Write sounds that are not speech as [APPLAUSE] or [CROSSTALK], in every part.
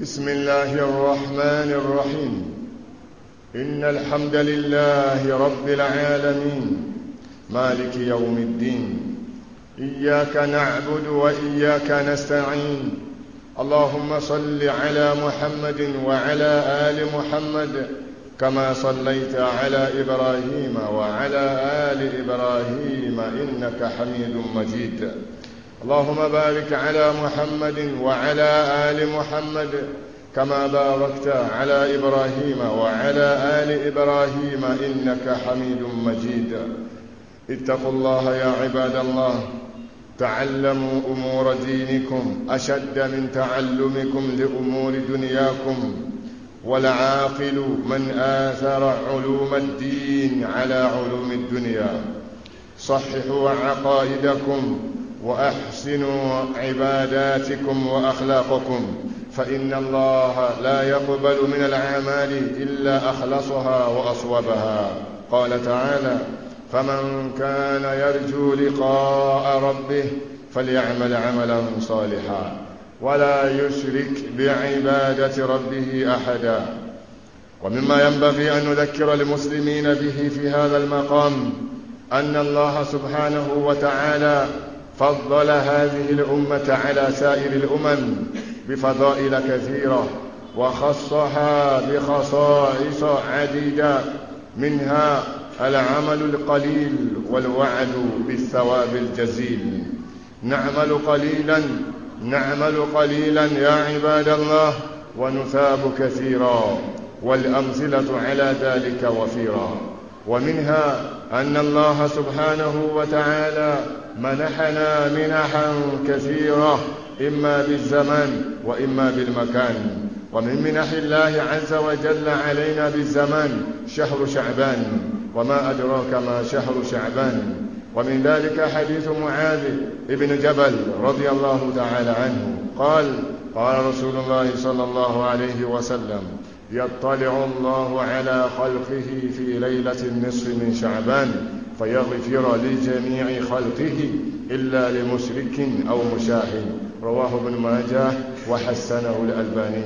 بسم الله الرحمن الرحيم إن الحمد لله رب العالمين مالك يوم الدين إياك نعبد وإياك نستعين اللهم صل على محمد وعلى آل محمد كما صليت على إبراهيم وعلى آل إبراهيم إنك حميد مجيد اللهم بارك على محمد وعلى آل محمد كما باركت على إبراهيم وعلى آل إبراهيم إنك حميد مجيد اتقوا الله يا عباد الله تعلموا أمور دينكم أشد من تعلمكم لأمور دنياكم والعاقل من آثر علوم الدين على علوم الدنيا صححوا عقائدكم واحسنوا عباداتكم واخلاقكم فان الله لا يقبل من الاعمال الا اخلصها واصوبها قال تعالى فمن كان يرجو لقاء ربه فليعمل عملا صالحا ولا يشرك بعباده ربه احدا ومما ينبغي ان نذكر المسلمين به في هذا المقام ان الله سبحانه وتعالى فضل هذه الأمة على سائر الأمم بفضائل كثيرة وخصها بخصائص عديدة منها العمل القليل والوعد بالثواب الجزيل نعمل قليلا نعمل قليلا يا عباد الله ونثاب كثيرا والأمثلة على ذلك وفيرا ومنها أن الله سبحانه وتعالى منحنا منحا كثيرة إما بالزمن وإما بالمكان ومن منح الله عز وجل علينا بالزمان شهر شعبان وما أدراك ما شهر شعبان ومن ذلك حديث معاذ بن جبل رضي الله تعالى عنه قال قال رسول الله صلى الله عليه وسلم يطلع الله على خلقه في ليلة النصف من شعبان فيغفر لجميع خلقه إلا لمشرك أو مشاهد رواه ابن ماجه وحسنه الألباني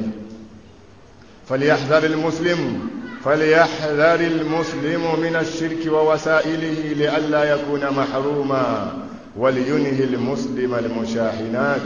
فليحذر المسلم فليحذر المسلم من الشرك ووسائله لئلا يكون محروما ولينهي المسلم المشاحنات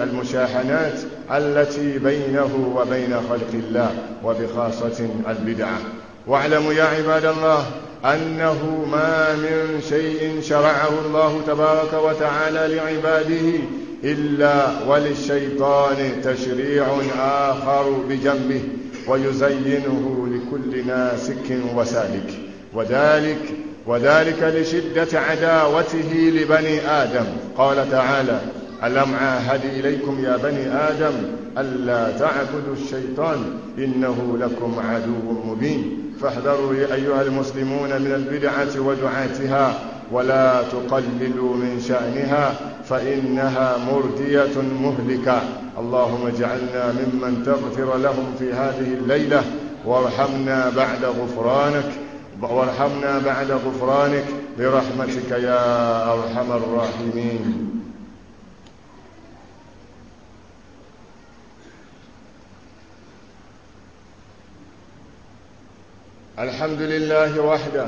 المشاحنات التي بينه وبين خلق الله وبخاصة البدعة واعلموا يا عباد الله أنه ما من شيء شرعه الله تبارك وتعالى لعباده إلا وللشيطان تشريع آخر بجنبه ويزينه لكل ناسك وسالك وذلك وذلك لشدة عداوته لبني آدم قال تعالى ألم عاهد إليكم يا بني آدم ألا تعبدوا الشيطان إنه لكم عدو مبين فاحذروا يا أيها المسلمون من البدعة ودعاتها ولا تقللوا من شأنها فإنها مردية مهلكة اللهم اجعلنا ممن تغفر لهم في هذه الليلة وارحمنا بعد غفرانك وارحمنا بعد غفرانك برحمتك يا أرحم الراحمين الحمد لله وحده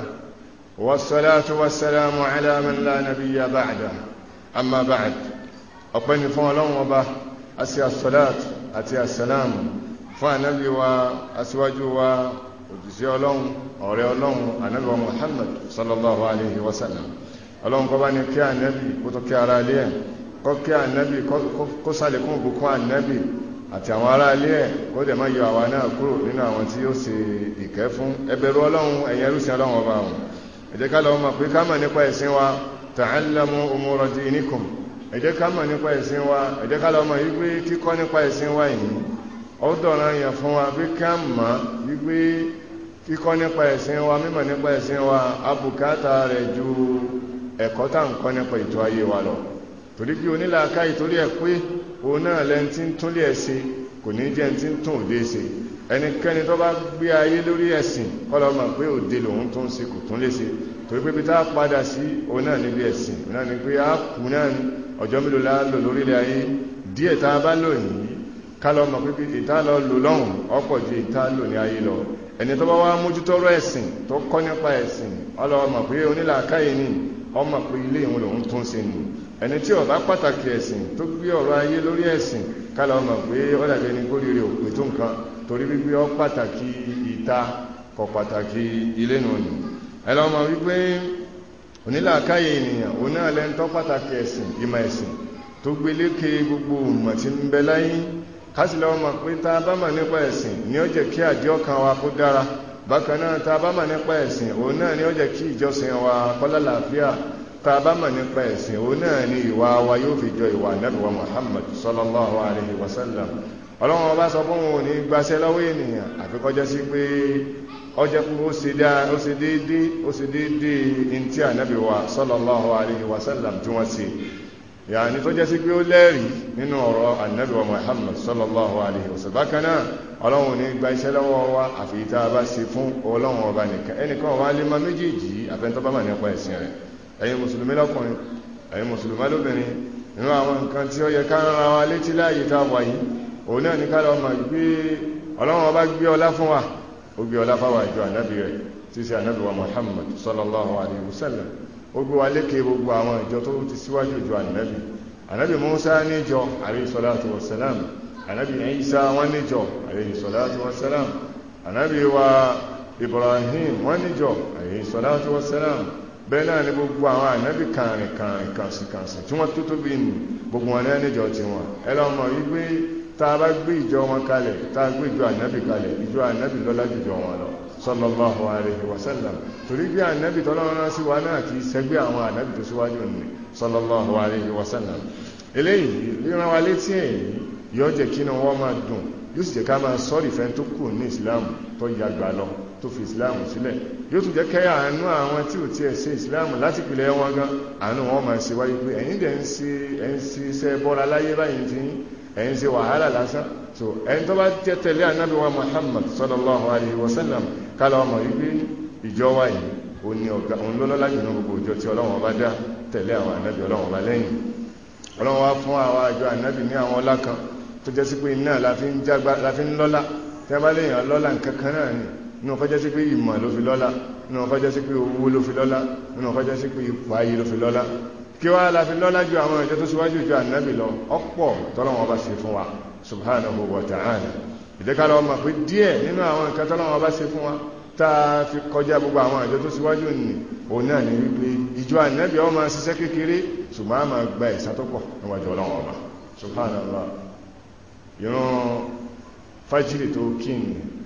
والصلاة والسلام على من لا نبي بعده أما بعد أقبل فولون وبا أسي الصلاة أتي السلام فنبي وأسواج وزيولون أوريولون النبي محمد صلى الله عليه وسلم ألون kọ́ bá نبي kí ànẹ́bì kó tó kí ara ilé ẹ̀ àti àwọn ará ilé ẹ̀ kó dẹ̀ má yọ àwa náà kúrò nínú àwọn tí ó ṣe ìkẹ́ fún ẹbẹ̀rù ọlọ́run ẹ̀yẹ rúṣin ọlọ́run ọba ọ̀hún ẹ ká pé ká mọ̀ nípa ẹ̀sìn wa ta'allamu umura dinikum ẹ ká mọ̀ nípa ẹ̀sìn wa ká wípé kíkọ́ wa yìí ó dọ̀rọ̀ yẹn fún wa pé ká mọ̀ wípé wa mímọ̀ nípa ẹ̀sìn wa abùkátà rẹ̀ ju ẹ̀kọ́ tá à ń kọ́ nípa ètò torí bí onílàáká ìtorí ẹ̀ pé òun náà lẹ́ni tí ń tún lé ẹ̀ṣe kò ní jẹ́ tí ń tún òde ṣe ẹnikẹ́ni tó bá gbé ayé lórí ẹ̀sìn kọ́lọ́ mọ̀ pé òde lòun tó ń ṣe kò tún lé ṣe torí pé bí tá a padà sí òun náà níbi ẹ̀sìn òun náà ni pé a kù náà ni ọjọ́ mélòó la lò lórílẹ̀ ayé díẹ̀ tá a bá lò yìí ká mọ̀ pé ìta lọ lò lọ́hùn ọ̀pọ̀ ju ìta lò ní ayé lọ ẹni tó bá wá mójútọ́rọ̀ ẹ̀sìn tó kọ́ nípa ẹ̀sìn ọlọ́mọ̀ pé onílàákàyè ni ọmọ pé ilé ìwọ̀n lòun tó ṣe nù ẹni tí ọba bá pàtàkì ẹ̀sìn tó gbé ọ̀rọ̀ ayé lórí ẹ̀sìn kálọ̀ ọmọ pé òpè tó nǹkan torí wípé ọ pàtàkì ìta kọ̀ pàtàkì ilé nù ni ẹlọ́mọ wípé onílàákáyè ènìyàn oní àlẹ́ntọ́ pàtàkì ẹ̀sìn ìmọ̀ ẹ̀sìn tó gbé gbogbo ìmọ̀ tí ń bẹ láyé kásìlẹ̀ ọmọ pé tá bá nípa ẹ̀sìn ni ó jẹ́ kí wa kó dára bákan náà bá nípa ẹ̀sìn òun náà ni ó jẹ́ kí ìjọsìn wa kọ́lá làáfíà tàbá mọ̀ nípa ẹ̀sìn òun náà ni ìwà wa yóò fi jọ ìwà Ànábì wa Muhammad sallallahu alaihi wasallam ọlọ́run ọba sọ fún òun ní gbaṣẹ́ lọ́wọ́ ènìyàn àfikọ́jẹ́ sí pé ọjẹ́ fún ó ṣe déédé ó ṣe déédé in tí ànábì wa sallallahu alaihi wasallam tí wọ́n ṣe yàní tó jẹ́ sí pé ó lẹ́rìí nínú ọ̀rọ̀ ànábì Muhammad sallallahu alaihi wasallam bákan náà ọlọ́run ní gba lọ́wọ́ wa àfi tá bá ṣe fún ọlọ́run ọba nìkan ẹnìkan wà lè mọ méjèèjì àfẹ́ntọ́ bá nípa ẹ̀sìn rẹ̀ ẹ̀yin mùsùlùmí lọ́kùnrin ẹ̀yin mùsùlùmí lóbìnrin nínú àwọn nǹkan tí ó yẹ ká rán wa létí láàyè tá wà yìí òun náà ní kálọ̀ ọmọ gbé ọlọ́run ọba gbé ọlá fún wa ó gbé ọlá fáwà ìjọ ànábì rẹ̀ tí sí ànábì wa Muhammad sallallahu alaihi wasallam ó gbé wa lékè gbogbo àwọn ìjọ tó ti síwájú ìjọ ànábì ànábì Musa níjọ alayhi salatu wasalam ànábì Isa wọn níjọ alayhi salatu wasalam ànábì wa Ibrahim wọn níjọ alayhi salatu wasalam bẹ́ẹ̀ náà ni gbogbo àwọn ànábì kàrìn kàrìn kànsìn kànsìn tí wọ́n tó tóbi nù gbogbo wọn náà níjọ ti wọn ẹlọ́mọ wípé tá a bá gbé ìjọ wọn kalẹ̀ tá a gbé ìjọ ànábì kalẹ̀ ìjọ ànábì lọ́lá jùjọ wọn lọ sallallahu alaihi wasallam torí bí ànábì tọ́lọ́run rán sí wa náà kì í ṣẹgbẹ́ àwọn ànábì tó síwájú ni sallallahu alaihi wasallam eléyìí ríran wa létí èyí yóò jẹ́ kí inú wọn máa dùn yóò sì jẹ́ ká máa sọ́ọ̀rì fẹ́ tó kù ní ìsìláàmù tó yàgbà lọ tó fi islam sílẹ̀ yóò tún jẹ́ kẹ́ àánú àwọn tí ò tiẹ̀ ṣe islam láti pìlẹ̀ wọn gan àánú wọn máa ṣe wáyé pé ẹ̀yin dẹ̀ ń ṣe iṣẹ́ bọ́ra láyé báyìí ti ń ẹ̀yin wàhálà lásán so ẹni tó bá jẹ́ tẹ̀lé anábì wa muhammad sallallahu alayhi wa sallam kálọ̀ ọmọ wípé ìjọ wa yìí ó ní ọ̀gá òun ló lọ́lá jùlọ gbogbo ìjọ tí ọlọ́wọ́n bá dá tẹ̀lé àwọn anábì ọlọ́wọ́n bá lẹ́yìn ọlọ́wọ́n wá fún àwọn àjọ anábì ní àwọn ọlá kan tó jẹ́ sí pé iná la ń lọ́lá tẹ́ bá léèyàn lọ́lá nǹkan kan náà ni náà kọjá sí pé ìmọ̀ ló fi lọ́lá náà kọjá sí pé owó ló fi lọ́lá náà kọjá sí pé ipò ayé ló fi lọ́lá kí wá la fi lọ́lá ju àwọn ìjọ tó síwájú ju ànábì lọ ọ̀pọ̀ tọ́lọ́wọ́n bá ṣe fún wa subhanahu wa ta'ala ìdẹ́kàlọ́ ọmọ pé díẹ̀ nínú àwọn nǹkan tọ́lọ́wọ́n bá ṣe fún wa tá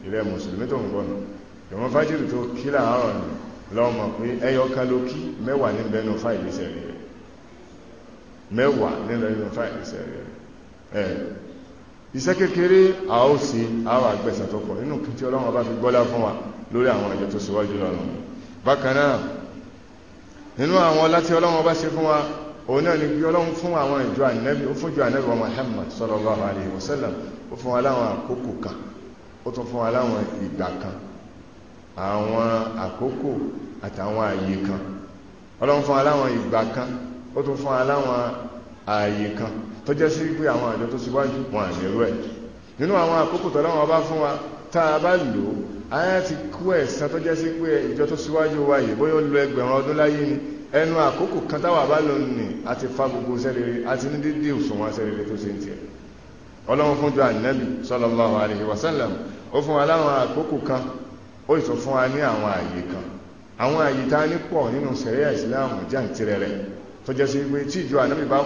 ilẹ̀ mùsùlùmí tó ń gbọ́nà ìwọ̀n fájìrì tó kí láàárọ̀ ni lọ́mọ pé ẹyọ kan ló kí mẹ́wàá ní bẹnu fáìlì sẹ̀rí rẹ̀ mẹ́wàá ní bẹnu fáìlì sẹ̀rí rẹ̀ ẹ̀ iṣẹ́ kékeré a ó sí àwọn àgbẹ̀sẹ̀ tó pọ̀ nínú kí tí ọlọ́run bá fi gbọ́lá fún wa lórí àwọn ẹ̀jẹ̀ tó síwájú lọ́nà bákan nínú àwọn ọlá tí bá ṣe fún wa òun náà bí ọlọ́run fún àwọn ìjọ ànẹ́bí ó fún ìjọ ànẹ́bí wa Muhammad sallallahu alaihi wasallam ó fún wa láwọn ó tún fún wa láwọn ìgbà kan àwọn àkókò àtàwọn àyè kan ọlọ́run fún wa láwọn ìgbà kan ó tún fún wa láwọn àyè kan tó jẹ́ sí pé àwọn àjọ tó síwájú wọn àmìrú ẹ̀ nínú àwọn àkókò tọ́lọ́wọ́n bá fún wa tá a bá lò ó ayé ti kú ẹ̀sán tó jẹ́ sí pé ìjọ tó síwájú wa bóyá ó lo ẹgbẹ̀rún ọdún láyé ni ẹnu àkókò kan táwà bá lò ní àti fa gbogbo sẹ́rẹ̀rẹ̀ àti ní dédé òṣùwọ̀n sẹ́rẹ̀rẹ̀ tó ṣe ń tiẹ̀ ọlọ́run fún jọ ànábì sallallahu alaihi wasallam ó fún wa láwọn àkókò kan ó ìtò fún wa ní àwọn àyè kan àwọn àyè tá ní pọ̀ nínú sẹ̀rẹ́ ìsìláàmù jàǹtìrẹ̀ rẹ̀ tó jẹ́ sí pé tí ìjọ ànábì bá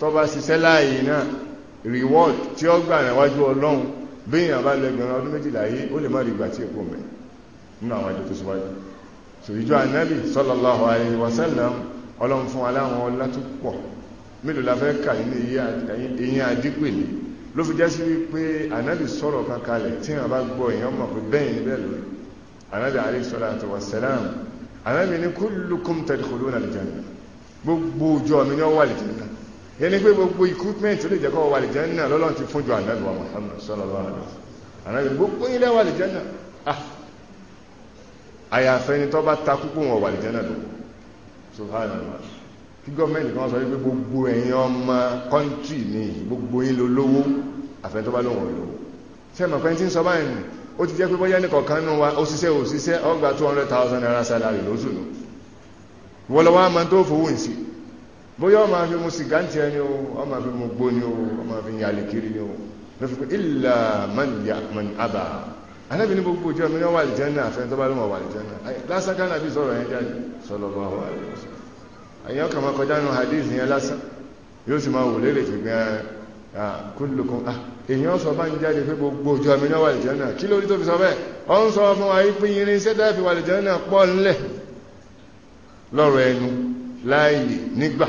tọ́ bá ṣiṣẹ́ láàyè náà reward tí ó gbà níwájú ọlọ́run bí èèyàn bá lẹ́gbẹ̀rún ọdún méjìlá yìí ó lè má rí ìgbà tí èkó mẹ́ nínú àwọn àjọ tó síwájú so ìjọ ànábì sallallahu alaihi wasallam ọlọ́run fún wa ọlá tó pọ̀ mélòó la fẹ́ kà nínú eyín adípèlé ló fi jásí wípé ànábì sọ̀rọ̀ kankalẹ̀ tí wọ́n bá gbọ́ èèyàn mọ̀ pé bẹ́ẹ̀ ni bẹ́ẹ̀ lórí ànábì alayhi salatu wa salam ànábì ní kullukum tadkhuluna al-janna gbogbo ìjọ mi ni ó wà al-janna yẹni pé gbogbo equipment tó lè jẹ́ kó wà al-janna lọ́lọ́run ti fúnjọ ànábì wa Muhammad sallallahu alaihi wasallam ànábì kí gọ́ọ̀mẹ́ntì kan sọ wípé gbogbo ẹ̀yin ọmọ kọ́ńtì ni gbogbo yín ló lówó àfẹ́ntọ́ bá lóhùn lówó sẹ́mọ̀ pẹ́ tí ń sọ báyìí nù ó ti jẹ́ pé bóyá ní kọ̀ọ̀kan nù wa òṣìṣẹ́ òṣìṣẹ́ ó gba 200,000 naira salary lóṣù nù wọ́lọ́wọ́ a máa tó fowó ń sí bóyá ọmọ afi mu sìgáǹtì ẹni o ọmọ afi mu gbó ni o ọmọ afi yàlè kiri ni o ló fi pé ilà mani àbà anábìíní gbogbo ìjọ mi náà wà lìjẹ́ náà àfẹ́ tó bá lọ́wọ́ wà lìjẹ́ náà lásán kánà bí sọ̀rọ̀ èyàn kàn máa kọjá nù hadith yẹn lásán yóò sì máa wò lérè fi gan ah, kúlùkùn ah, èyàn sọ bá ń jáde pé gbogbo ojú àmì náà wà lè jẹ́nà kí lórí tó fi sọ bẹ́ẹ̀ ọ ń sọ fún wa pín irin sẹ́dá fi wà lè jẹ́nà pọ̀ ńlẹ̀ lọ́rọ̀ ẹnu láàyè nígbà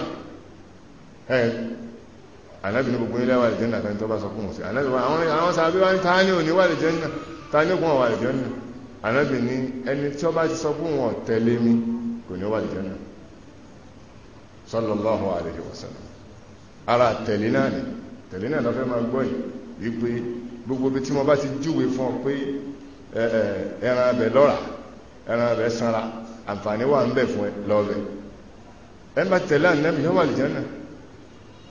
ànábì ní gbogbo ilẹ̀ wà lè jẹ́nà tàbí tó bá sọ fún sallallahu alayhi wa sallam ara tẹ̀lé náà ni tẹ̀lé náà lọ́fẹ́ máa gbọ́ yìí wípé gbogbo bí tí mo bá ti júwe fún ọ pé ẹran abẹ lọ́ra ẹran abẹ sanra àǹfààní wà ń bẹ fún ẹ lọ́ọ̀bẹ ẹ bá tẹ̀lé ànábì yóò wà lè jẹ́ náà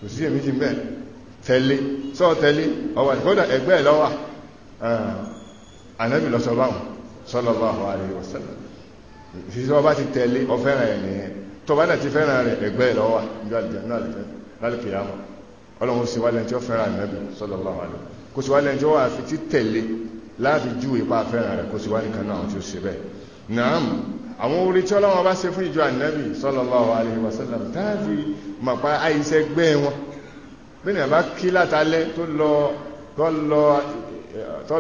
kò sí èmi ti bẹ̀ tẹ̀lé sọ tẹ̀lé ọwà kódà ẹgbẹ́ lọ́wà ànábì lọ́sọ báwọn sallallahu alayhi wa tọ́bádà ti fẹ́ràn rẹ̀ ẹgbẹ́ ìlọ́wà lálùkìyàmọ̀ ọlọ́run sí wálẹ̀ tí ó fẹ́ràn nẹ́bì sallallahu alaihi kò sí wálẹ̀ tí ó wà fi ti tẹ̀lé láti jú ipa fẹ́ràn rẹ̀ kò sí wálẹ̀ kan náà tí ó ṣe bẹ́ẹ̀ náà àwọn orí tí ọlọ́run bá ṣe fún ìjọ ànẹ́bì sallallahu alaihi wasallam táàfi màpá àìsẹ́ gbẹ́ wọn bẹ́ẹ̀ ni bá kí látàlẹ́ tó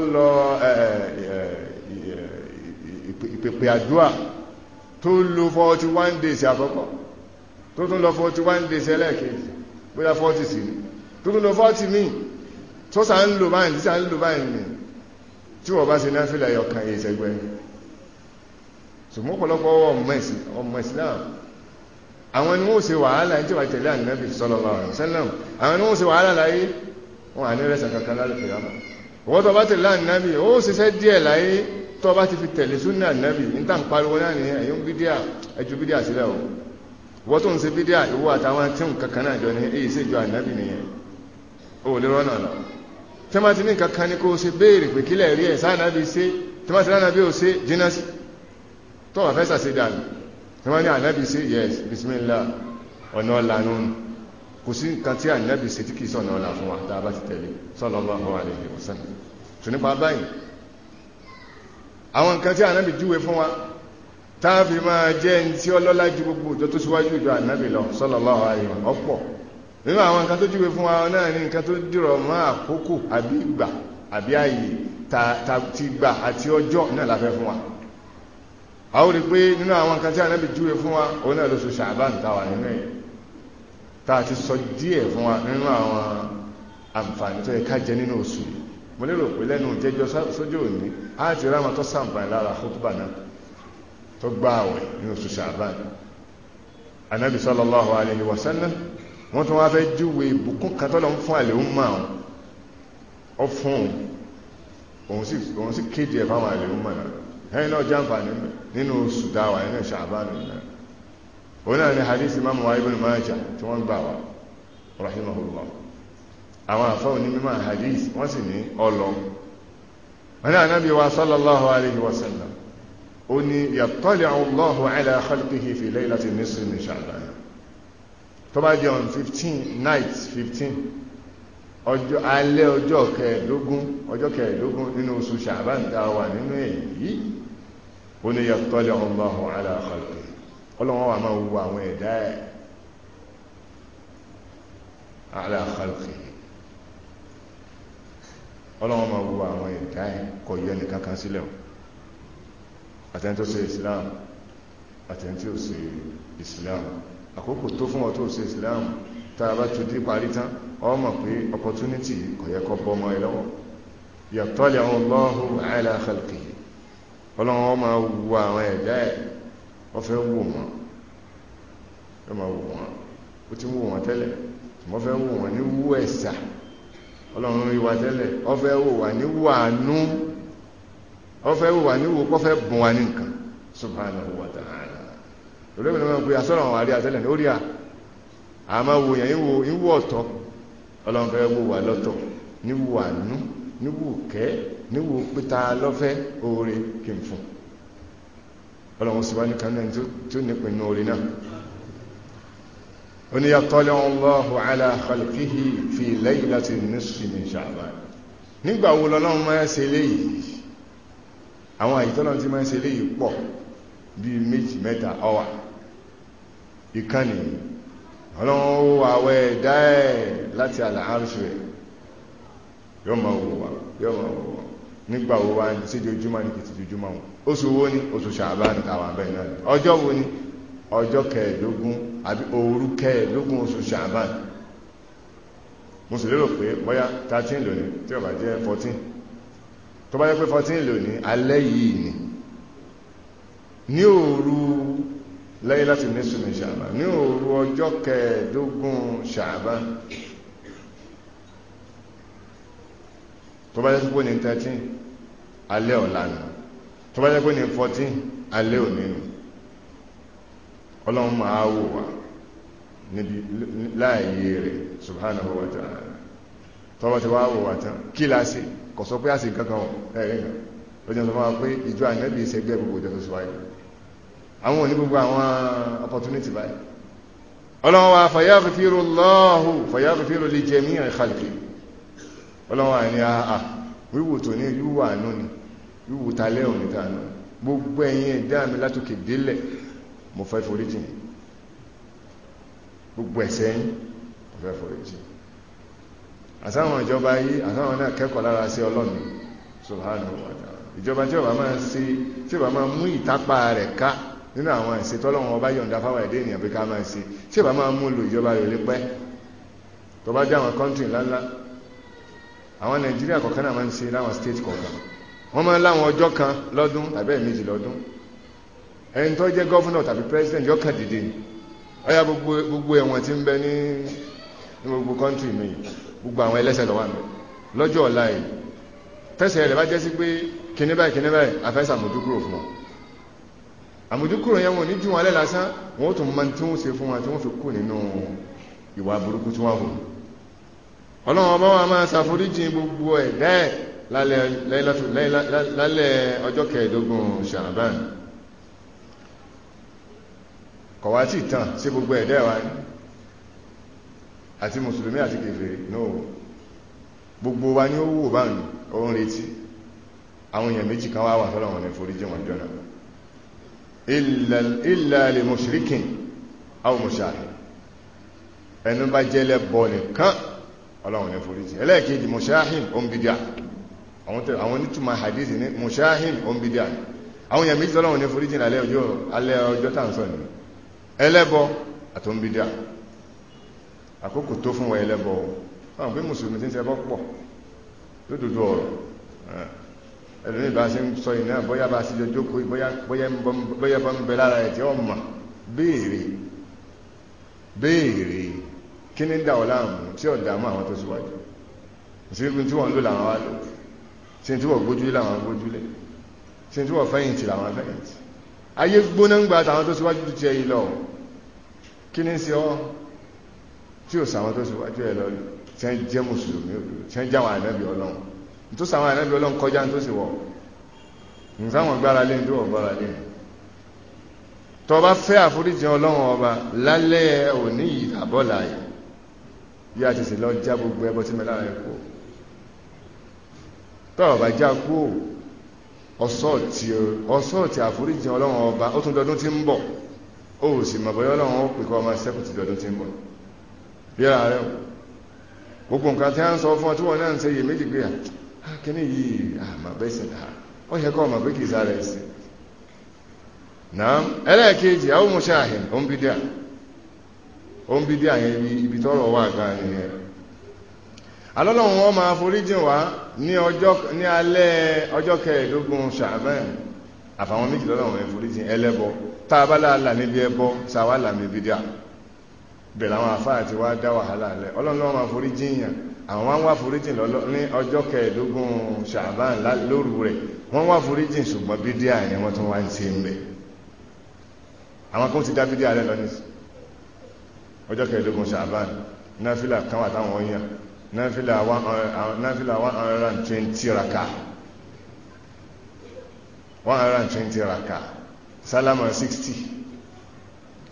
lọ tó lo 41 days àkọ́kọ́ tó tún lọ 41 days ẹlẹ́ẹ̀kejì bóyá 40 sí ni tó tún lọ 40 míì tó sà ń lò báyìí sà ń lò báyìí ni tí wọ́n bá ṣe náfìlà yọkan ìṣẹ́gbẹ́ ṣùgbọ́n ọ̀pọ̀lọpọ̀ ọmọ Islam àwọn ni wọ́n ṣe wàhálà ní tí wà tẹ̀lé ànábì sallallahu alaihi wasallam àwọn ni wọ́n ṣe wàhálà láyé wọn à ní rẹ̀sà kankan lálẹ́ fìyàmà wọ́n tó bá tẹ̀lé ànábì ó ṣiṣẹ́ díẹ̀ láyé tó bá ti fi tẹ̀lé súnà nẹ́bì ní tàn pariwo náà ní ẹ̀yún bídíà ẹjú bídíà sílẹ̀ o wọ́n tó ń ṣe bídíà ìwọ àtàwọn tí ń kankan náà jọ ní èyí sí ìjọ ànẹ́bì nìyẹn o lè rọ́nà lọ tí wọ́n ti ní kankan ni kó o ṣe béèrè pé kílẹ̀ rí ẹ̀ sáànàbì ṣe tí wọ́n ti ránàbì ò ṣe jìnnà sí tó wà fẹ́ sàṣe dànù tí wọ́n ànẹ́bì ṣe yes bismillah ọ̀nà ọ̀là kò sí nǹkan tí ànẹ́bì àwọn nǹkan tí ànábì júwe fún wa táàfi máa jẹ́ ẹni tí ọlọ́lá ju gbogbo ìjọ tó síwájú ìjọ ànábì lọ sallallahu alaihi wasallam ọ̀pọ̀ nínú àwọn nǹkan tó júwe fún wa náà ní nǹkan tó dìrọ̀ mọ́ àkókò àbí ìgbà àbí ààyè ti gbà àti ọjọ́ náà la fẹ́ fún wa a ó rí pé nínú àwọn nǹkan tí ànábì júwe fún wa òun náà lóṣù ṣàbá ń tàwà nínú ẹ̀ tá a ti sọ díẹ̀ fún wa nínú àwọn àǹfààní tó yẹ ká jẹ nínú oṣù yìí mo lérò pé lẹ́nu ìjẹjọ sójú òní á ti rámọ tó sàǹfààní lára khutba náà tó gbá àwẹ̀ nínú oṣù Ṣàbán anábì sallallahu alaihi wa sallam wọ́n tún wá fẹ́ júwe ìbùkún kan tọ́lọ ń fún àlè ọmọ àwọn ọ fún òun sì kéde ẹ̀ fáwọn àlè ọmọ náà ẹ̀yìn náà jàǹfààní nínú oṣù dáwà nínú Ṣàbán náà òun náà ni hadith imam wa ibn Majah tí wọ́n gbà wá rahimahullah àwọn àfọ́ onímọ̀ hadith wọ́n sì ní ọlọ wọ́n ní ànábì wa sallallahu alayhi wa sallam ó ní yàtọ́lẹ̀ Allahu ala khalqihi fi laylati nisfi ní ṣàlá tó bá jẹ́ on 15 night 15 ọjọ́ alẹ́ ọjọ́ kẹẹ̀ẹ́dógún ọjọ́ kẹẹ̀ẹ́dógún nínú oṣù ṣàbá ń dá wà nínú èyí ó ní yàtọ́lẹ̀ Allahu ala ọlọ́wọ́n wà máa wo àwọn ẹ̀dá ẹ̀ ala ọlọ́wọ́n ma wo àwọn ẹ̀dá ẹ̀ kọ yẹ nìkan kan sílẹ̀ o àtẹ́ntí ó ṣe islam àtẹ́ntí ó ṣe islam àkókò tó fún ọ tó ṣe islam tá a bá tu dí parí tán ọmọ pé opportunity kò yẹ kọ bọmọ ẹ lọ́wọ́ yàtọ́lẹ̀ àwọn Allahu ọlọ́run rí wa tẹ́lẹ̀ ọfẹ́ wò wà ní wàánú ọfẹ́ wò wà ní wò kọ́fẹ́ bùn wa ní nǹkan subhanahu wa ta'ala lórí mi lọ́wọ́ pé asọ́rọ̀ àwọn àrí àtẹ́lẹ̀ ní orí à àmọ́ wò yẹn wò ìwò ọ̀tọ̀ ọlọ́run fẹ́ wò wà lọ́tọ̀ ní wàánú ní wò kẹ́ ní wò pété lọ́fẹ́ oore kì í fún ọlọ́run sì wá ní kan náà tó nípìn náà náà oní yàtọ́lẹ̀ Allahu ala khalqihi fi laylatin nisfi min Sha'ban nígbà wo lọ́lọ́run máa ṣe léyìí àwọn àyítọ́lọ́run ti máa ṣe léyìí pọ̀ bí méjì mẹ́ta ọwà ìkànnì ọlọ́run wà wẹ́ ẹ̀dá ẹ̀ láti àlàárùsù ẹ̀ yóò máa wò wá yóò máa wò wá nígbà wo wá sí jojúmọ́ ní kìtì jojúmọ́ wọn oṣù wo ni oṣù Sha'ban tàwọn abẹ́ náà ọjọ́ wo ni ọjọ́ kẹẹ̀ẹ́dógún àbí òru kẹẹ̀ẹ́dógún oṣù ṣàbán mo sì lérò pé bóyá 13 lónìí tí ó bá jẹ́ 14 tó bá jẹ́ pé 14 lónìí alẹ́ yìí ni ní òru lẹ́yìn láti ní sùnmí ṣàbán ní òru ọjọ́ kẹẹ̀ẹ́dógún ṣàbán tó bá jẹ́ pé ní 13 alẹ́ ọ̀la nù tó bá jẹ́ pé ní 14 alẹ́ òní nù ọlọ́run máa wò wá níbi láàyè rẹ̀ subhanahu wa ta'ala tọ́wọ́ ti wá wò wá tán kí la ṣe kò sọ pé a sì kankan ẹ̀rẹ́ yẹn ó jẹ́ sọ fún wa pé ìjọ ànábì ìṣẹ́gbẹ́ gbogbo ìjọ tó sọ àwọn òní gbogbo àwọn opportunity báyìí ọlọ́run wa fayaghfiru Allahu fayaghfiru li jami'i khalqi ọlọ́run wa ni ah, ah, wíwò tó ní yíwò àánú ni wíwò talẹ́ òní tàánú gbogbo ẹ̀yìn ẹ̀dá mi látòkè délẹ̀ mo fẹ́ forí jìn gbogbo ẹ̀ṣẹ̀ yín mo fẹ́ forí jìn àsáwọn ìjọba yìí àsáwọn náà kẹ́kọ̀ọ́ lára sí ọlọ́run subhanahu wa ta'ala ìjọba tí ó bá máa ṣe tí ó bá máa mú ìtapá rẹ̀ ká nínú àwọn ẹ̀ṣẹ̀ tọ́lọ́run ọba yọ̀ǹda fáwọn ẹ̀dẹ́ ènìyàn pé ká máa ṣe tí ó bá máa mú lò ìjọba rẹ̀ lé pẹ́ tó bá dé àwọn kọ́ńtì ńláńlá àwọn nàìjíríà kọ̀ọ̀kan náà máa ń ṣe láwọn stéètì kọ̀ọ̀kan wọ́n máa ń láwọn ọjọ́ kan lọ́dún àbẹ́ẹ̀ méjì lọ́dún ẹni tó jẹ́ gọ́fúnà tàbí president yóò kàn dìde ni ọ̀yà gbogbo ẹ̀wọ̀n tí ń bẹ ní gbogbo kọ́ńtì mi gbogbo àwọn ẹlẹ́sẹ̀ lọ́wọ́ mi lọ́jọ́ ọ̀la yìí tẹ̀sẹ̀ rẹ̀ bá jẹ́ sí pé kíní báyìí kíní báyìí afẹ́sẹ̀ àmójúkúrò fún wọn àmójúkúrò yẹn wọn ní jù wọn alẹ́ lásán wọn ó tún máa tí wọ́n ṣe fún wọn tí wọ́n fi kú nínú ìwà burúkú tí wọ́n hù ọlọ́run ọba wa máa ṣàforíjìn gbogbo ẹ̀dá ẹ̀ lálẹ́ ọjọ́ kẹẹ̀ẹ́dógún ṣàbáyìí kọ̀wá tí tàn sí gbogbo ẹ̀dá wa ní àti mùsùlùmí àti kèfèrè náà gbogbo wa ní ó wò bá ní oun retí àwọn èèyàn méjì kan wá wà tọ́lọ̀wọ̀n ní foríjì wọn jọ́nà illa li mushrikin aw mushahid ẹnu bá jẹ́lẹ̀ bọ̀ nìkan ọlọ́wọ̀n ní foríjì ẹlẹ́ẹ̀kejì mushahid ombidia àwọn onítùmọ̀ hadith ní mushahid ombidia àwọn èèyàn méjì tọ́lọ̀wọ̀n ní foríjì alẹ́ ọjọ́ tàǹsọ̀ nìyàn ẹlẹ́bọ àtúnbídà àkókò tó fún wa ẹlẹ́bọ ọ̀hún pé mùsùlùmí tí ń ṣẹbọ pọ̀ lódòdó ọ̀rọ̀ ẹlòmí bá ṣe ń sọ iná bóyá bá ṣe jọjọ́ kó bóyá bá ń bẹ lára ẹ̀ tí ó mà béèrè béèrè kí ní dà ọ́ láàmú tí ó dààmú àwọn tó síwájú ìṣèlú tí wọ́n ń lò làwọn wá lò ṣe tí wọ́n gbójúlé làwọn gbójúlé ṣe tí wọ́n fẹ́yìntì làwọn fẹ́yìntì ayé gbóná ń gba àtàwọn tó síwájú ti tiẹ̀ yìí lọ kí ní sí ọ tí ò sàwọn tó síwájú ẹ lọ tí ń jẹ́ mùsùlùmí òdò tí ń jáwọn ànábì ọlọ́run tó sàwọn ànábì ọlọ́run kọjá tó sì wọ̀ nǹkan gbára lé ní tó wọ̀ gbára lé tó bá fẹ́ àforíjì ọlọ́run ọba lálẹ́ òní yìí àbọ́là yìí bí a ti sì lọ já gbogbo ẹbọ tí mẹ́lára ẹ̀ kú tọ́ọ̀ bá já kú ọ̀sọ́ọ̀tì eh, àforíjì ọlọ́run ọba ó tún dọdún tí ń bọ̀ ó sì mọ̀ bọ́yọ́ ọlọ́run ó ọmọ ti dọdún tí ń bọ̀ ríra rẹ̀ gbogbo nǹkan tí a ń sọ fún ọtí wọn náà ń sẹ́yẹ méjì pé ah, ah, kíní yìí àmà ah, bẹ́sẹ̀ náà ó yẹ kọ́ ọmọ pé kìí sára ẹ̀sìn náà ẹlẹ́ẹ̀kejì àwọn ọmọ ṣáàhìn ó ń bí díà ó ń bí díà yẹn ibi tọ́rọ̀ wà gan-an alọ́lọ́run wọn máa wá ní ọjọ́ ní alẹ́ ọjọ́ kẹẹ̀ẹ́dógún ṣàbẹ́n àfàwọn méjì lọ́nà àwọn ẹ̀fọ́ríjì ẹlẹ́bọ tá a bá láàlà níbi ẹbọ tá a wá làmì ibi díà bẹ̀rẹ̀ àwọn àfáà ti wá dá wàhálà alẹ́ ọlọ́run máa forí jiyàn àwọn wá forí jìn ní ọjọ́ kẹẹ̀ẹ́dógún ṣàbẹ́n lóru rẹ̀ wọ́n wá forí jìn ṣùgbọ́n bí díà yẹn wọ́n tún wá ń ṣe ń bẹ̀ àwọn kan ti dá bí alẹ́ lọ náfìlà 120 eh, raka 120 raka sálámà 60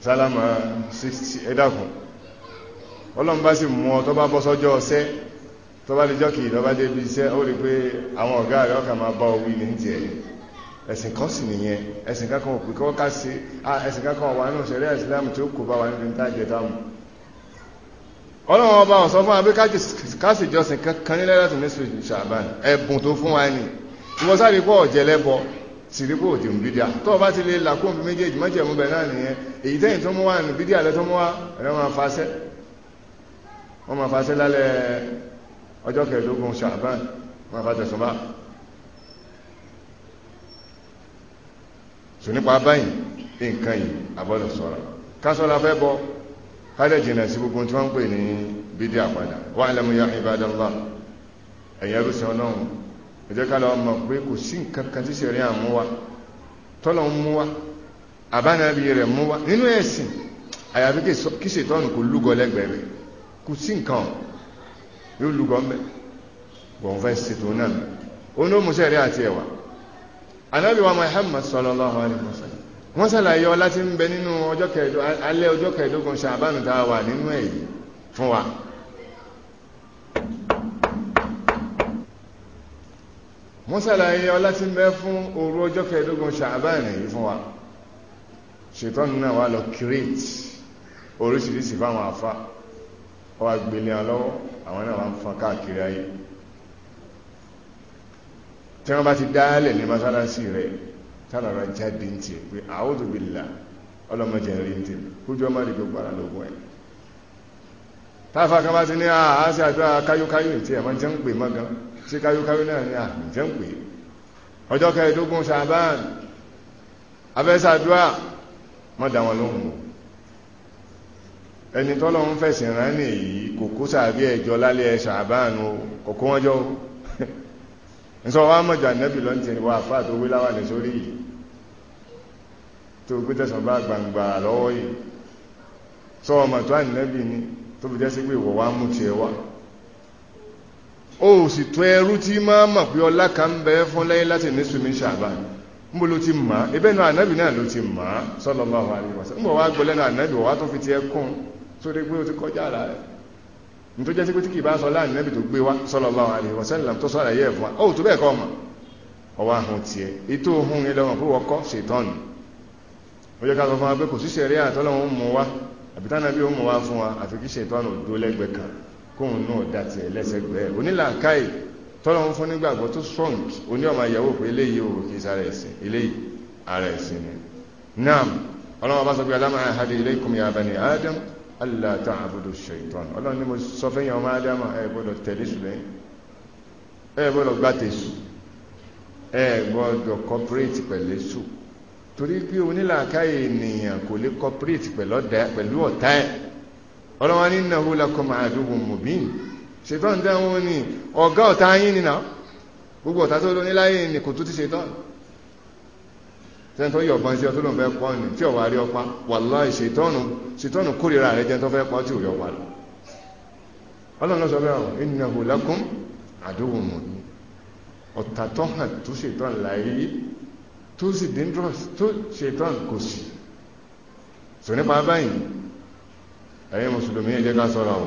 sálámà 60 ẹ̀dàkùn ọlọ́mbá sì mú ọ tó bá bọ́ sọ́jọ́ ọ̀sẹ́ tó bá lè jọ́ kìí lọ́bá débi iṣẹ́ ó rí pé àwọn ọ̀gá rẹ̀ ọkà máa bá owó ilé ń tiẹ̀ ẹ̀sìn kan sì nìyẹn ẹ̀sìn kankan òpin kọ́ ká sí ẹ̀sìn kankan wà nínú ṣẹ̀ríà ìsìlámù tí ó kò bá wà nínú tájẹ̀ táwọn ọlọ́run ọba ọ̀sán fún abẹ́ káàsì jọsìn kankan nílẹ̀ láti mẹ́sàn ṣàbán ẹ̀bùn tó fún wa ní ìwọ sáré pọ̀ jẹlẹ́bọ sì rí pò òdì ń bídíà tó o bá ti lè là kóhùn méjèèjì mọ́jẹ̀mú bẹ̀ náà nìyẹn èyí tẹ́yìn tó mú wa ní bídíà lẹ́ tó mú wa ẹ̀rọ máa fasẹ́ wọ́n máa fasẹ́ lálẹ́ ọjọ́ kẹẹ̀ẹ́dógún ṣàbán máa fa tẹ̀sùn bá sùn nípa báyìí nǹkan yìí àbọ̀dọ̀ sọ̀rọ̀ ká sọ́ra fẹ́ bọ́ kádẹ̀ jìnà sí gbogbo tí wọ́n ń pè ní bídí àpadà wà lẹ́mú ya ìbádọ́lá ẹ̀yẹ rúsẹ̀ ọlọ́run ẹjẹ́ ká lọ mọ̀ pé kò sí nǹkan kan tí sẹ̀rí àmúwa tọ́lọ̀ ń múwa àbánabi rẹ̀ múwa nínú ẹ̀sìn àyàfi kí ṣètọ́nù kò lúgọ lẹ́gbẹ̀ẹ́ rẹ̀ kò sí nǹkan yóò lúgọ mẹ́ wọ́n fẹ́ ṣètò náà ó ní ó mú sẹ́rí àti ẹ̀wà anábìwa Muhammad sallallahu alaihi wasallam wọ́n ṣàlàyé ọlá tí ń bẹ nínú ọjọ́ kẹẹ̀dógún alẹ́ ọjọ́ kẹẹ̀dógún ṣàbánu tá a wà nínú ẹ̀ yìí fún wa wọ́n ṣàlàyé ọlá tí ń bẹ fún òru ọjọ́ kẹẹ̀dógún ṣàbánu yìí fún wa ṣètọ́nù náà wà lọ kírètì oríṣiríṣi fáwọn àfá ọwà gbélé ọlọ́wọ́ àwọn náà wà ń fọn káàkiri ayé tí wọ́n bá ti dáálẹ̀ ní mọ́sálásí rẹ̀ tààrà jáde ń tiẹ̀ pé a'udhu billah ọlọ́mọdé rí ń tèmi kójú ọmọ rí gbogbo ara lọ́gbọ́ ẹ̀ táfà kan bá ti ní àásì àdúrà káyókáyó ìtì ẹ̀mọ́ jẹ́ ń pè mọ́ gan sí káyókáyó náà ní àmì jẹ́ ń pè ọjọ́ kẹẹ̀ẹ́dógún sàbáàn abẹ́sàdúrà mọ́ dá wọn lóhùn ẹni tọ́lọ́ ń fẹ̀sìn rán ní èyí kòkó sàbí ẹjọ́ lálẹ́ sàbáàn o kòkó wọn jọ ń [LAUGHS] sọ wá mọ̀jà nẹ́bì lọ́ntì wà fáà tó wí láwà ní sórí yìí tó gbé tẹ̀sán bá gbangba lọ́wọ́ yìí sọ ọmọ tó ànìlẹ́bì ni tó fi jẹ́sí pé ìwọ̀ wá mú ti ẹwà ó sì tó ẹrú tí máa mọ̀ pé ọlá kan ń bẹ fún lẹ́yìn láti ní sùnmí ṣàbá mbó ló ti mọ̀ ebẹ́ náà ànábì náà ló ti mọ̀ sallallahu alaihi wasallam mbọ̀ wá gbọ́ lẹ́nu ànábì wọ́n wá tó fi ti ẹkún sórí pé ó ti kọjá ara rẹ̀ nítorí jẹ́sí pé tí kìí bá sọ láàrin nẹ́bì tó gbé wá sallallahu alaihi wasallam tó sọ́ra yẹ́ fún wa ó tó bẹ́ẹ̀ kọ́ ọmọ ọwọ́ ahùn tiẹ̀ ètò ohun ilẹ̀ wọn fún wọkọ́ ṣètọ́nù ó yẹ ká sọ fún wa pé kò sí ṣẹ̀rí àtọ́lọ́wọ́n mú wá àbítánà bí ó mú wá fún wa àfi kí ṣètọ́nù dó lẹ́gbẹ̀ẹ́ kan kóhun náà dá tiẹ̀ lẹ́sẹ̀gbẹ̀ẹ́ onílàákàyè tọ́lọ́wọ́n fún nígbàgbọ́ tó strong oní ọmọ ìyàwó pé eléyìí ò kì í sára ẹ̀sìn eléyìí ara ẹ̀sìn ni naam ọlọ́wọ́n bá sọ pé aláma àhàdì ilaykum ya bani adam allah ta'budu torí pé onílàákàyè ènìyàn kò lè cooperate pẹ̀lú ọ̀tá ẹ̀ ọlọ́wọ́n ní ìnáwó lakum àdúgbò mòbíìn ṣètọ́n tẹ́ wọn ni ọ̀gá ọ̀tá yín nìna gbogbo ọ̀tá tó lóní láyé ni kò tó ti ṣètọ́n tẹ́ntọ́ yọ̀ bọ́n sí ọtún lòun fẹ́ pọ́ ni tí ọ̀wá rí ọpá wallahi ṣètọ́nù ṣètọ́nù kórìíra rẹ̀ jẹ́ tó fẹ́ pọ́ tí ò yọ̀ tó sì dangerous tó ṣetán kò sí sọ nípa báyìí ẹ̀yin mùsùlùmí ẹ jẹ́ ká ṣọ́ra o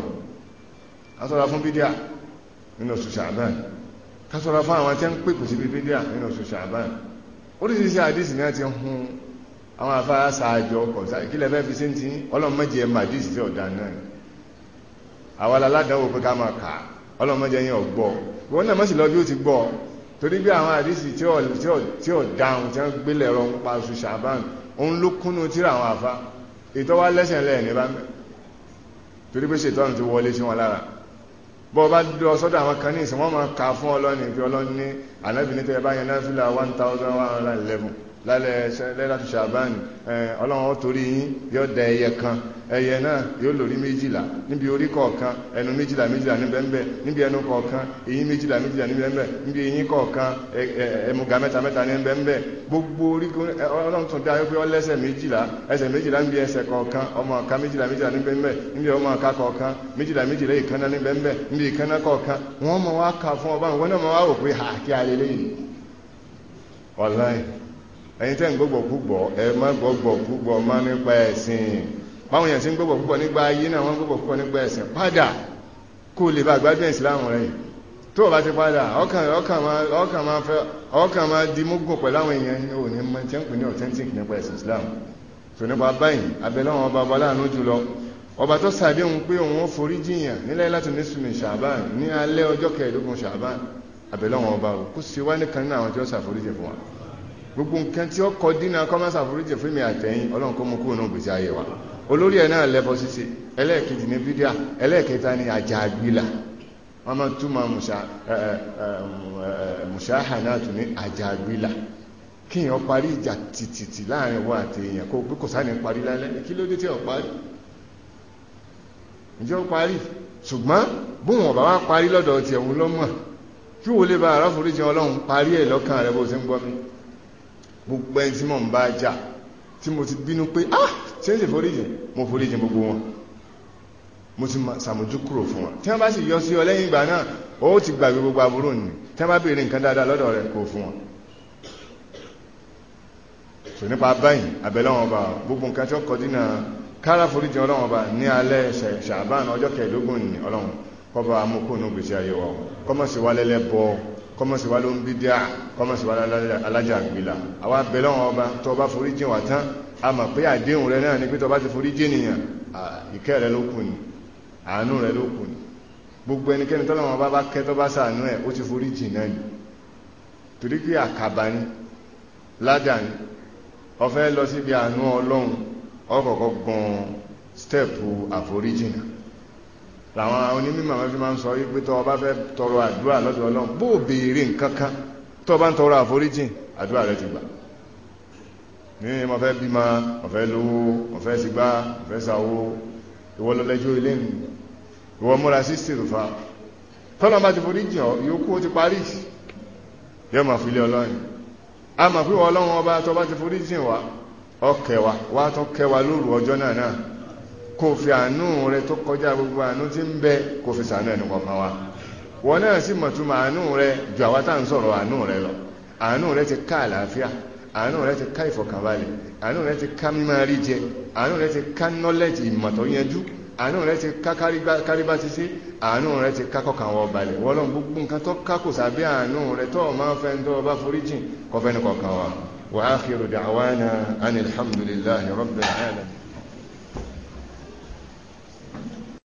ká ṣọ́ra fún bídíà nínú oṣù ṣàbán ká ṣọ́ra fún àwọn tí ń pè kò sí bídíà nínú oṣù ṣàbán oríṣiríṣi àdìsí ni a ti hun àwọn afárá ṣáájọ ọkọ̀ kí lẹ fẹ́ fi sí ti ọlọ́run méje ẹ̀ máa dìsí sí ọ̀dà náà àwọn aládàáwò pé ká máa kà ọlọ́run méje yẹn ọ̀gbọ́ wọn náà mọ̀ sí lọ bí ó ti gbọ́ torí bí àwọn àdísì tí ò dáhùn tí wọ́n gbélẹ̀ rọ ń pa oṣù ṣàbán òun ló kúnnú tíra àwọn àfá ìtọ́wà lẹ́sẹ̀ lẹ́ẹ̀ní bá mẹ́ torí pé ṣètọ́nù ti wọlé sí wọn lára bọ́ bá dúdú ọsọ́dọ̀ àwọn kan ní ìsìn wọ́n máa ka fún ọlọ́ni pé ọlọ́ni ní ànábìnrin tẹ́ bá yẹn náà fílà eleven. lẹ́lá tó ṣàbáni ọlọ́run torí yín yọ da ẹyẹ kan ẹyẹ náà yóò lórí méjìlá níbi orí kọ̀ọ̀kan ẹnu méjìlá méjìlá níbẹ̀ẹ́bẹ̀ níbi ẹnu kọ̀ọ̀kan eyín méjìlá méjìlá níbẹ̀ẹ́bẹ̀ níbi eyín kọ̀ọ̀kan ẹmùgà mẹ́ta mẹ́ta níbẹ̀ẹ́bẹ̀ gbogbo orí ọlọ́run ọlẹ́sẹ̀ méjìlá ẹsẹ̀ méjìlá níbi ẹsẹ̀ kọ̀ọ̀kan ọmọ a ẹ̀yin tẹ́ ń gbọ́gbọ̀ púpọ̀ ẹ má gbọ́gbọ̀ púpọ̀ má nípa ẹ̀sìn báwọn èèyàn sí ń gbọ́gbọ̀ púpọ̀ nípa ayé náà wọ́n gbọ́gbọ̀ púpọ̀ nípa ẹ̀sìn padà kó lè bá gbádùn ìsìláàmù rẹ̀ tó o bá ti padà ọkàn máa di múgùn pẹ̀lú àwọn èèyàn ní òní mọ́ tí ń pè ní authentic nípa ẹ̀sìn ìsìláàmù tó nípa báyìí abẹ́lẹ́wọ̀n ọba ọba láàánú jùlọ ọba tó sàdéhùn pé òun ó forí jìyàn nílẹ̀ láti nísùnmí ṣàbáàn ní alẹ́ ọjọ́ kẹẹ̀ẹ́dógún ṣàbáàn abẹ́lẹ́wọ̀n ọba kó sì wá nìkan nínú àwọn tí ó ṣàforíjì fún wa gbogbo nǹkan tí ó kọ dínà kọ́mọ́sà foríjì fún mi àtẹ̀yìn ọlọ́run kó mú kúrò náà gbèsè ayé wa olórí ẹ̀ náà lẹ́bọ ṣíṣe ẹlẹ́ẹ̀kejì ní bídíà ẹlẹ́ẹ̀kẹta ní àjàgbìlà wọ́n máa túmọ̀ mùsáhà náà tún ní àjàgbìlà kí èèyàn parí ìjà tìtìtì láàrin wa àti èèyàn kó pé kò sáà ní parí lálẹ́ kí ló dé tí ò parí ǹjẹ́ ó parí ṣùgbọ́n bóun ọ̀bá wa parí lọ́dọ̀ tiẹ̀ òun lọ́mọ̀ kí wo lè bá àráforíjì ọlọ́run parí ẹ̀ lọ́kàn rẹ bó ṣe ń gbọ́ mi gbogbo ẹni tí mò ń bá jà tí mo ti bínú pé ah ṣe ń ṣe foríjìn mo foríjìn gbogbo wọn mo ti sàmójú kúrò fún wọn tí wọ́n bá sì yọ sí ọ lẹ́yìn ìgbà náà ó ti gbàgbé gbogbo aburú ni tí wọ́n bá béèrè nǹkan dáadáa lọ́dọ̀ rẹ̀ kó fún wọn so nípa báyìí àbẹ̀lọ́wọ́n ọba gbogbo nǹkan tí ó kọjú náà kára foríjìn ọlọ́wọ́n ọba ní alẹ́ ṣàbánu ọjọ́ kẹẹ̀ẹ́dógún ni ọlọ́wọ́n kọba amókùnú gbèsè ayé wa kọ́mọ̀ sí wálẹ́lẹ́ bọ́ kọmọsí wa ló ń bí díà kọmọsí wa alájà àgbìlà àwa bẹ̀rẹ̀ wọn ọba tó bá forí jìn wà tán a mọ̀ pé àdéhùn rẹ náà ni pé tó bá ti forí jìn nìyàn ìkẹ́ rẹ ló kù ni àánú rẹ ló kù ni gbogbo ẹnikẹ́ni tọ́lọ́wọ́n bá bá kẹ́ tó bá sàánú ẹ̀ ó ti forí jìn náà ni torí pé àkàbà ni ládà ni ọ̀fẹ́ lọ síbi àánú ọlọ́run ọkọ̀ọ̀kọ̀ gan stẹ́ẹ̀pù àforíjìn làwọn onímọ̀ wọn fi máa ń sọ wípé tó bá fẹ́ tọrọ àdúrà lọ́dọ̀ ọlọ́run bó béèrè nǹkan kan tó bá ń tọrọ àforíjìn àdúrà rẹ ti gbà ní mo fẹ́ bímọ mo fẹ́ lówó mo fẹ́ sígbá mo fẹ́ sàwó ìwọ lọ́lẹ́jọ́ ilé mi ìwọ múra sí sèrùfà tọ́lọ́ bá ti foríjìn yòókù ó ti parí yóò máa fi ilé ọlọ́run a máa fi ọlọ́run ọba tó bá ti foríjìn wa ọkẹwà wa tó kẹwà lóru ọjọ́ náà náà kò fi àánú rẹ tó kọjá gbogbo àánú tí ń bẹ kò fi sànú ẹnu kọ̀ọ̀kan wa wọn náà sì mọ̀túmọ̀ àánú rẹ ju àwa tá à ń sọ̀rọ̀ àánú rẹ lọ àánú rẹ ti ká àlàáfíà àánú rẹ ti ká ìfọ̀kànbalẹ̀ àánú rẹ ti ká mímọ́ rí jẹ àánú rẹ ti ká nọ́lẹ́jì ìmọ̀ tó àánú rẹ ti ká káríbá títí àánú rẹ ti ká kọkàn wọ balẹ̀ wọ́n lọ́n gbogbo nǹkan tó ká kò àánú rẹ tó máa ń fẹ́ ń tọ́ ọba foríjìn ní kọkàn wa wa akhiru da'wana anil hamdulillahi rabbil alamin.